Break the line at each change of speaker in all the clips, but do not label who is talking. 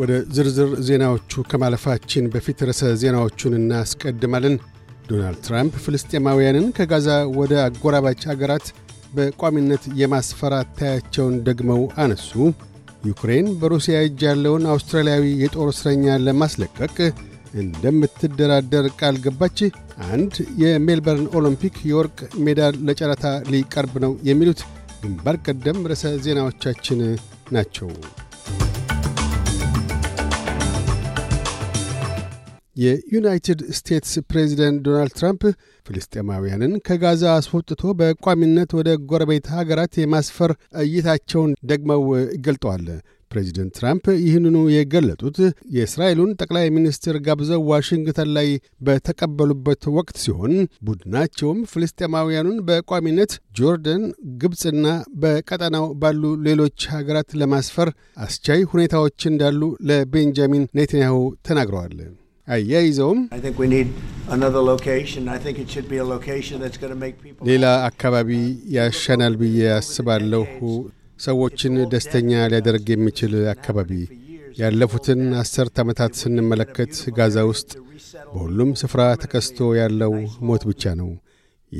ወደ ዝርዝር ዜናዎቹ ከማለፋችን በፊት ርዕሰ ዜናዎቹን እናስቀድማለን። ዶናልድ ትራምፕ ፍልስጤማውያንን ከጋዛ ወደ አጎራባች አገራት በቋሚነት የማስፈራት ታያቸውን ደግመው አነሱ። ዩክሬን በሩሲያ እጅ ያለውን አውስትራሊያዊ የጦር እስረኛ ለማስለቀቅ እንደምትደራደር ቃል ገባች። አንድ የሜልበርን ኦሎምፒክ የወርቅ ሜዳል ለጨረታ ሊቀርብ ነው። የሚሉት ግንባር ቀደም ርዕሰ ዜናዎቻችን ናቸው። የዩናይትድ ስቴትስ ፕሬዚደንት ዶናልድ ትራምፕ ፍልስጤማውያንን ከጋዛ አስወጥቶ በቋሚነት ወደ ጎረቤት ሀገራት የማስፈር እይታቸውን ደግመው ገልጠዋል። ፕሬዚደንት ትራምፕ ይህንኑ የገለጡት የእስራኤሉን ጠቅላይ ሚኒስትር ጋብዘው ዋሽንግተን ላይ በተቀበሉበት ወቅት ሲሆን ቡድናቸውም ፍልስጤማውያኑን በቋሚነት ጆርደን፣ ግብፅና በቀጠናው ባሉ ሌሎች ሀገራት ለማስፈር አስቻይ ሁኔታዎች እንዳሉ ለቤንጃሚን ኔትንያሁ ተናግረዋል። አያይዘውም ሌላ አካባቢ ያሻናል ብዬ አስባለሁ። ሰዎችን ደስተኛ ሊያደርግ የሚችል አካባቢ ያለፉትን አስርት ዓመታት ስንመለከት ጋዛ ውስጥ በሁሉም ስፍራ ተከስቶ ያለው ሞት ብቻ ነው።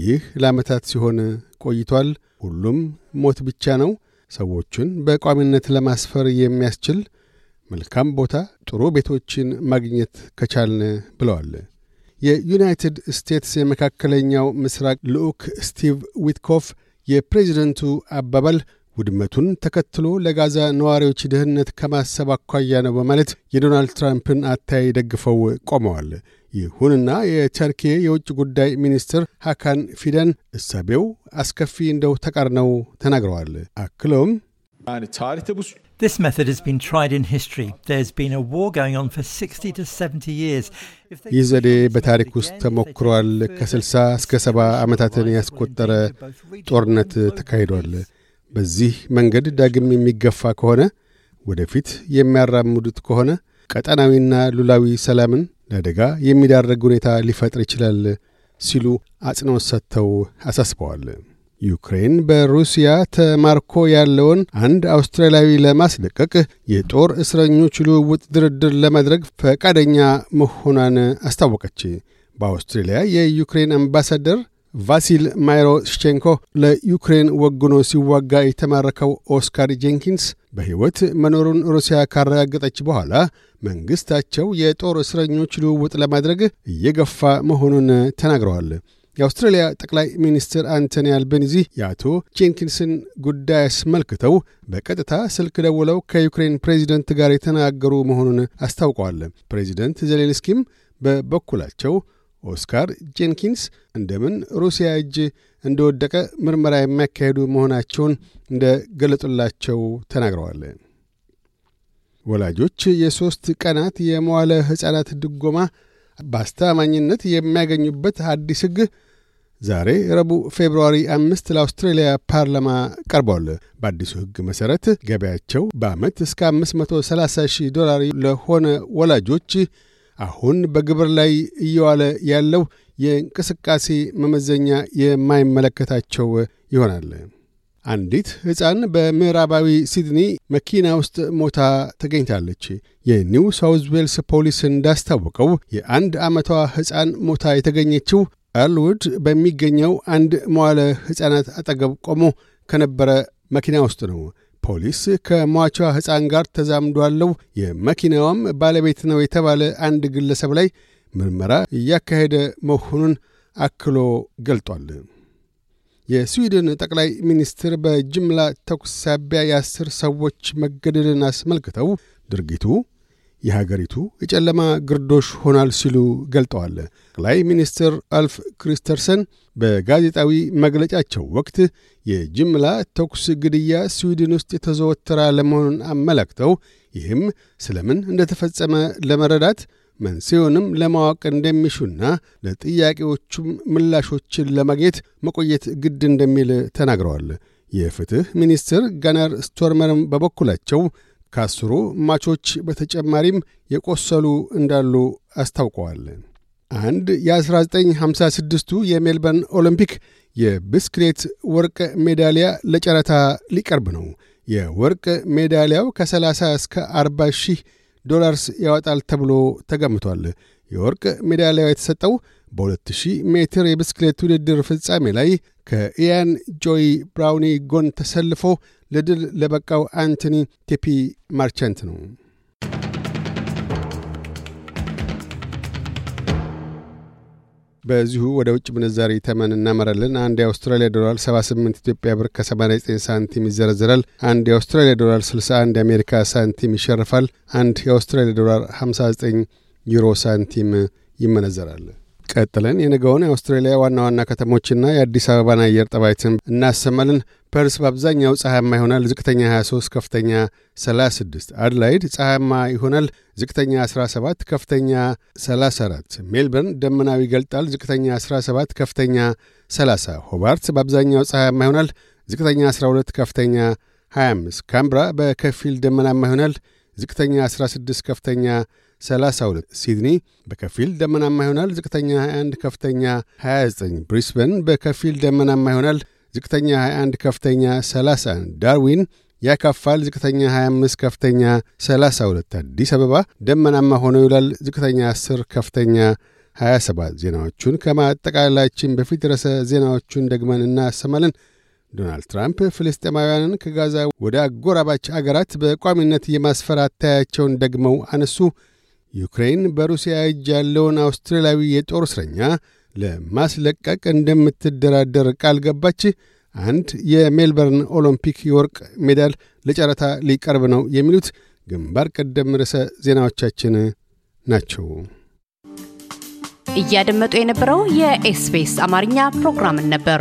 ይህ ለዓመታት ሲሆን ቆይቷል። ሁሉም ሞት ብቻ ነው። ሰዎቹን በቋሚነት ለማስፈር የሚያስችል መልካም ቦታ፣ ጥሩ ቤቶችን ማግኘት ከቻልን ብለዋል። የዩናይትድ ስቴትስ የመካከለኛው ምስራቅ ልዑክ ስቲቭ ዊትኮፍ የፕሬዚደንቱ አባባል ውድመቱን ተከትሎ ለጋዛ ነዋሪዎች ደህንነት ከማሰብ አኳያ ነው በማለት የዶናልድ ትራምፕን አታይ ደግፈው ቆመዋል። ይሁንና የተርኬ የውጭ ጉዳይ ሚኒስትር ሐካን ፊደን እሳቤው አስከፊ እንደው ተቃርነው ተናግረዋል። አክለውም This method has been tried in history. There's been a war going on for 60 to 70 years. ይህ ዘዴ በታሪክ ውስጥ ተሞክሯል። ከ60 እስከ 70 ዓመታትን ያስቆጠረ ጦርነት ተካሂዷል። በዚህ መንገድ ዳግም የሚገፋ ከሆነ ወደፊት የሚያራምዱት ከሆነ ቀጠናዊና ሉላዊ ሰላምን ለአደጋ የሚዳረግ ሁኔታ ሊፈጥር ይችላል ሲሉ አጽንኦት ሰጥተው አሳስበዋል። ዩክሬን በሩሲያ ተማርኮ ያለውን አንድ አውስትራሊያዊ ለማስለቀቅ የጦር እስረኞች ልውውጥ ድርድር ለማድረግ ፈቃደኛ መሆኗን አስታወቀች። በአውስትሬልያ የዩክሬን አምባሳደር ቫሲል ማይሮሽቼንኮ ለዩክሬን ወግኖ ሲዋጋ የተማረከው ኦስካር ጄንኪንስ በሕይወት መኖሩን ሩሲያ ካረጋገጠች በኋላ መንግሥታቸው የጦር እስረኞች ልውውጥ ለማድረግ እየገፋ መሆኑን ተናግረዋል። የአውስትራሊያ ጠቅላይ ሚኒስትር አንቶኒ አልቤኒዚ የአቶ ጄንኪንስን ጉዳይ አስመልክተው በቀጥታ ስልክ ደውለው ከዩክሬን ፕሬዚደንት ጋር የተናገሩ መሆኑን አስታውቀዋል። ፕሬዚደንት ዜሌንስኪም በበኩላቸው ኦስካር ጄንኪንስ እንደምን ሩሲያ እጅ እንደወደቀ ምርመራ የሚያካሄዱ መሆናቸውን ገለጡላቸው ተናግረዋል። ወላጆች የሦስት ቀናት የመዋለ ሕፃናት ድጎማ በአስተማማኝነት የሚያገኙበት አዲስ ሕግ ዛሬ ረቡዕ ፌብርዋሪ አምስት ለአውስትሬልያ ፓርላማ ቀርቧል። በአዲሱ ሕግ መሠረት ገቢያቸው በዓመት እስከ 530 ሺህ ዶላር ለሆነ ወላጆች አሁን በግብር ላይ እየዋለ ያለው የእንቅስቃሴ መመዘኛ የማይመለከታቸው ይሆናል። አንዲት ሕፃን በምዕራባዊ ሲድኒ መኪና ውስጥ ሞታ ተገኝታለች። የኒው ሳውዝ ዌልስ ፖሊስ እንዳስታወቀው የአንድ ዓመቷ ሕፃን ሞታ የተገኘችው አርልውድ በሚገኘው አንድ መዋለ ሕፃናት አጠገብ ቆሞ ከነበረ መኪና ውስጥ ነው። ፖሊስ ከሟቿ ሕፃን ጋር ተዛምዶ አለው ባለቤት ነው የተባለ አንድ ግለሰብ ላይ ምርመራ እያካሄደ መሆኑን አክሎ ገልጧል። የስዊድን ጠቅላይ ሚኒስትር በጅምላ ተኩስ ሳቢያ የአስር ሰዎች መገደልን አስመልክተው ድርጊቱ የሀገሪቱ የጨለማ ግርዶሽ ሆናል ሲሉ ገልጠዋል። ጠቅላይ ሚኒስትር አልፍ ክሪስተርሰን በጋዜጣዊ መግለጫቸው ወቅት የጅምላ ተኩስ ግድያ ስዊድን ውስጥ የተዘወተረ ለመሆኑን አመላክተው ይህም ስለምን እንደተፈጸመ ለመረዳት መንስዮንም ለማወቅ እንደሚሹና ለጥያቄዎቹም ምላሾችን ለማግኘት መቆየት ግድ እንደሚል ተናግረዋል። የፍትሕ ሚኒስትር ጋናር ስቶርመርም በበኩላቸው ከአስሩ ማቾች በተጨማሪም የቆሰሉ እንዳሉ አስታውቀዋል። አንድ የ1956ቱ የሜልበርን ኦሎምፒክ የብስክሌት ወርቅ ሜዳሊያ ለጨረታ ሊቀርብ ነው። የወርቅ ሜዳሊያው ከ30 እስከ 40 ሺህ ዶላርስ ያወጣል ተብሎ ተገምቷል። የወርቅ ሜዳሊያው የተሰጠው በ2000 ሜትር የብስክሌት ውድድር ፍጻሜ ላይ ከኢያን ጆይ ብራውኒ ጎን ተሰልፎ ለድል ለበቃው አንቶኒ ቴፒ ማርቸንት ነው። በዚሁ ወደ ውጭ ምንዛሪ ተመን እናመራለን። አንድ የአውስትራሊያ ዶላር 78 ኢትዮጵያ ብር ከ89 ሳንቲም ይዘረዝራል። አንድ የአውስትራሊያ ዶላር 61 የአሜሪካ ሳንቲም ይሸርፋል። አንድ የአውስትራሊያ ዶላር 59 ዩሮ ሳንቲም ይመነዘራል። ቀጥለን የነገውን የአውስትራሊያ ዋና ዋና ከተሞችና የአዲስ አበባን አየር ጠባይ እናሰማልን። ፐርስ በአብዛኛው ፀሐያማ ይሆናል። ዝቅተኛ 23፣ ከፍተኛ 36። አድላይድ ፀሐያማ ይሆናል። ዝቅተኛ 17፣ ከፍተኛ 34። ሜልበርን ደመናዊ ይገልጣል። ዝቅተኛ 17፣ ከፍተኛ 30። ሆባርት በአብዛኛው ፀሐያማ ይሆናል። ዝቅተኛ 12፣ ከፍተኛ 25። ካምብራ በከፊል ደመናማ ይሆናል። ዝቅተኛ 16፣ ከፍተኛ 32 ሲድኒ በከፊል ደመናማ ይሆናል። ዝቅተኛ 21 ከፍተኛ 29 ብሪስበን በከፊል ደመናማ ይሆናል። ዝቅተኛ 21 ከፍተኛ 30 ዳርዊን ያካፋል። ዝቅተኛ 25 ከፍተኛ 32 አዲስ አበባ ደመናማ ሆኖ ይውላል። ዝቅተኛ 10 ከፍተኛ 27 ዜናዎቹን ከማጠቃላችን በፊት ርዕሰ ዜናዎቹን ደግመን እናሰማለን። ዶናልድ ትራምፕ ፍልስጤማውያንን ከጋዛ ወደ አጎራባች አገራት በቋሚነት የማስፈር አታያቸውን ደግመው አነሱ። ዩክሬን በሩሲያ እጅ ያለውን አውስትራሊያዊ የጦር እስረኛ ለማስለቀቅ እንደምትደራደር ቃል ገባች። አንድ የሜልበርን ኦሎምፒክ የወርቅ ሜዳል ለጨረታ ሊቀርብ ነው። የሚሉት ግንባር ቀደም ርዕሰ ዜናዎቻችን ናቸው። እያደመጡ የነበረው የኤስፔስ አማርኛ ፕሮግራምን ነበር።